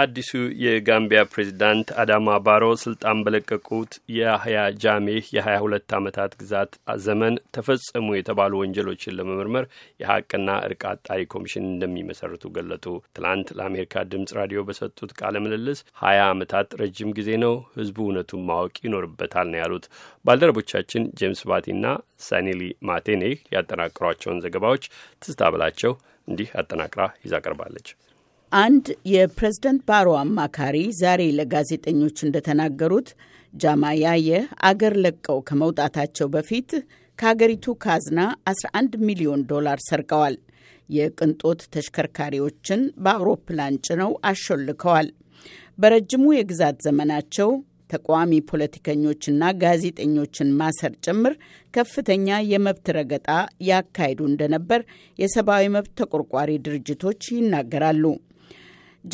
አዲሱ የጋምቢያ ፕሬዚዳንት አዳማ ባሮ ስልጣን በለቀቁት የያህያ ጃሜህ የሀያ ሁለት ዓመታት ግዛት ዘመን ተፈጸሙ የተባሉ ወንጀሎችን ለመመርመር የሀቅና እርቅ አጣሪ ኮሚሽን እንደሚመሰርቱ ገለጡ። ትናንት ለአሜሪካ ድምጽ ራዲዮ በሰጡት ቃለ ምልልስ ሀያ ዓመታት ረጅም ጊዜ ነው፣ ህዝቡ እውነቱን ማወቅ ይኖርበታል ነው ያሉት። ባልደረቦቻችን ጄምስ ባቲና ሳኒሊ ማቴኔ ያጠናቅሯቸውን ዘገባዎች ትዝታ ብላቸው እንዲህ አጠናቅራ ይዛ ቀርባለች። አንድ የፕሬዝደንት ባሮ አማካሪ ዛሬ ለጋዜጠኞች እንደተናገሩት ጃማ ያየህ አገር ለቀው ከመውጣታቸው በፊት ከሀገሪቱ ካዝና 11 ሚሊዮን ዶላር ሰርቀዋል። የቅንጦት ተሽከርካሪዎችን በአውሮፕላን ጭነው አሾልከዋል። በረጅሙ የግዛት ዘመናቸው ተቃዋሚ ፖለቲከኞችና ጋዜጠኞችን ማሰር ጭምር ከፍተኛ የመብት ረገጣ ያካሂዱ እንደነበር የሰብአዊ መብት ተቆርቋሪ ድርጅቶች ይናገራሉ።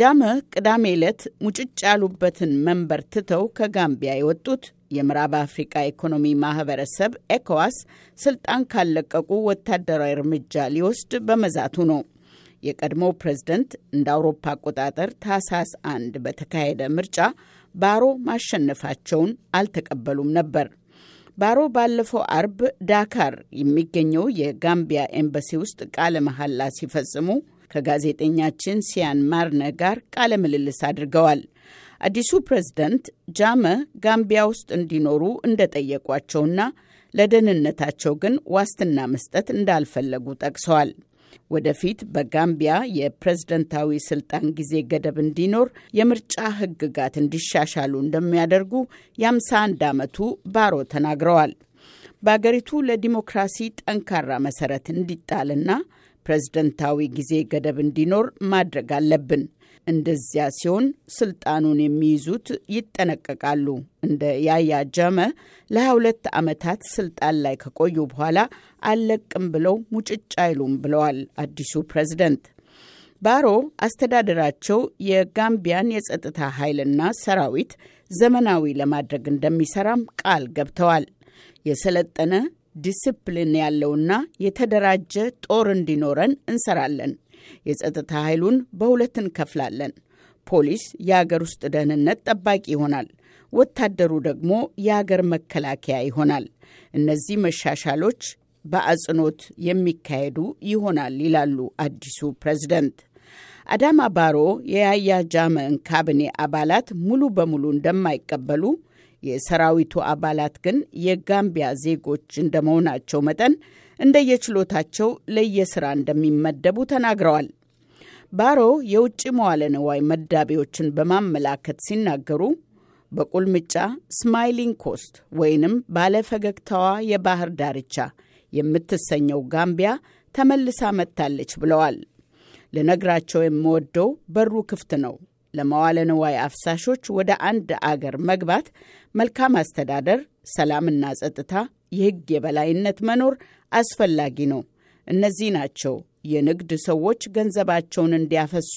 ጃመ ቅዳሜ ዕለት ሙጭጭ ያሉበትን መንበር ትተው ከጋምቢያ የወጡት የምዕራብ አፍሪካ ኢኮኖሚ ማህበረሰብ ኤኮዋስ ስልጣን ካለቀቁ ወታደራዊ እርምጃ ሊወስድ በመዛቱ ነው። የቀድሞው ፕሬዝደንት እንደ አውሮፓ አቆጣጠር ታህሳስ አንድ በተካሄደ ምርጫ ባሮ ማሸነፋቸውን አልተቀበሉም ነበር። ባሮ ባለፈው አርብ ዳካር የሚገኘው የጋምቢያ ኤምባሲ ውስጥ ቃለ መሐላ ሲፈጽሙ ከጋዜጠኛችን ሲያን ማርነ ጋር ቃለ ምልልስ አድርገዋል። አዲሱ ፕሬዝደንት ጃመ ጋምቢያ ውስጥ እንዲኖሩ እንደጠየቋቸውና ለደህንነታቸው ግን ዋስትና መስጠት እንዳልፈለጉ ጠቅሰዋል። ወደፊት በጋምቢያ የፕሬዝደንታዊ ስልጣን ጊዜ ገደብ እንዲኖር የምርጫ ሕግጋት እንዲሻሻሉ እንደሚያደርጉ የ51 ዓመቱ ባሮ ተናግረዋል። በአገሪቱ ለዲሞክራሲ ጠንካራ መሰረት እንዲጣልና ፕሬዝደንታዊ ጊዜ ገደብ እንዲኖር ማድረግ አለብን። እንደዚያ ሲሆን ስልጣኑን የሚይዙት ይጠነቀቃሉ። እንደ ያያ ጀመ ለ22 ዓመታት ስልጣን ላይ ከቆዩ በኋላ አልለቅም ብለው ሙጭጭ አይሉም ብለዋል አዲሱ ፕሬዝደንት። ባሮ አስተዳደራቸው የጋምቢያን የጸጥታ ኃይልና ሰራዊት ዘመናዊ ለማድረግ እንደሚሰራም ቃል ገብተዋል። የሰለጠነ ዲስፕሊን ያለውና የተደራጀ ጦር እንዲኖረን እንሰራለን። የጸጥታ ኃይሉን በሁለት እንከፍላለን። ፖሊስ የአገር ውስጥ ደህንነት ጠባቂ ይሆናል። ወታደሩ ደግሞ የአገር መከላከያ ይሆናል። እነዚህ መሻሻሎች በአጽንኦት የሚካሄዱ ይሆናል ይላሉ አዲሱ ፕሬዝደንት። አዳማ ባሮ የያያ ጃመን ካቢኔ አባላት ሙሉ በሙሉ እንደማይቀበሉ የሰራዊቱ አባላት ግን የጋምቢያ ዜጎች እንደመሆናቸው መጠን እንደየችሎታቸው ለየስራ እንደሚመደቡ ተናግረዋል። ባሮ የውጭ መዋለ ንዋይ መዳቢዎችን በማመላከት ሲናገሩ በቁልምጫ ስማይሊንግ ኮስት ወይንም ባለፈገግታዋ የባህር ዳርቻ የምትሰኘው ጋምቢያ ተመልሳ መጥታለች ብለዋል። ልነግራቸው የምወደው በሩ ክፍት ነው ለመዋለ ንዋይ አፍሳሾች ወደ አንድ አገር መግባት መልካም አስተዳደር፣ ሰላምና ጸጥታ፣ የሕግ የበላይነት መኖር አስፈላጊ ነው። እነዚህ ናቸው የንግድ ሰዎች ገንዘባቸውን እንዲያፈሱ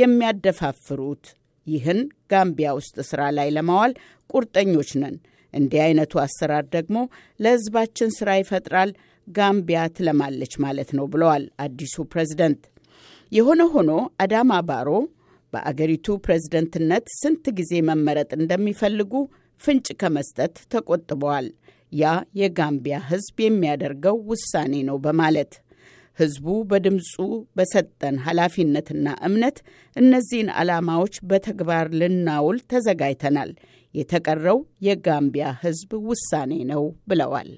የሚያደፋፍሩት። ይህን ጋምቢያ ውስጥ ሥራ ላይ ለማዋል ቁርጠኞች ነን። እንዲህ አይነቱ አሰራር ደግሞ ለሕዝባችን ሥራ ይፈጥራል፣ ጋምቢያ ትለማለች ማለት ነው ብለዋል አዲሱ ፕሬዝደንት። የሆነ ሆኖ አዳማ ባሮ በአገሪቱ ፕሬዝደንትነት ስንት ጊዜ መመረጥ እንደሚፈልጉ ፍንጭ ከመስጠት ተቆጥበዋል። ያ የጋምቢያ ሕዝብ የሚያደርገው ውሳኔ ነው በማለት ሕዝቡ በድምፁ በሰጠን ኃላፊነትና እምነት እነዚህን ዓላማዎች በተግባር ልናውል ተዘጋጅተናል። የተቀረው የጋምቢያ ሕዝብ ውሳኔ ነው ብለዋል።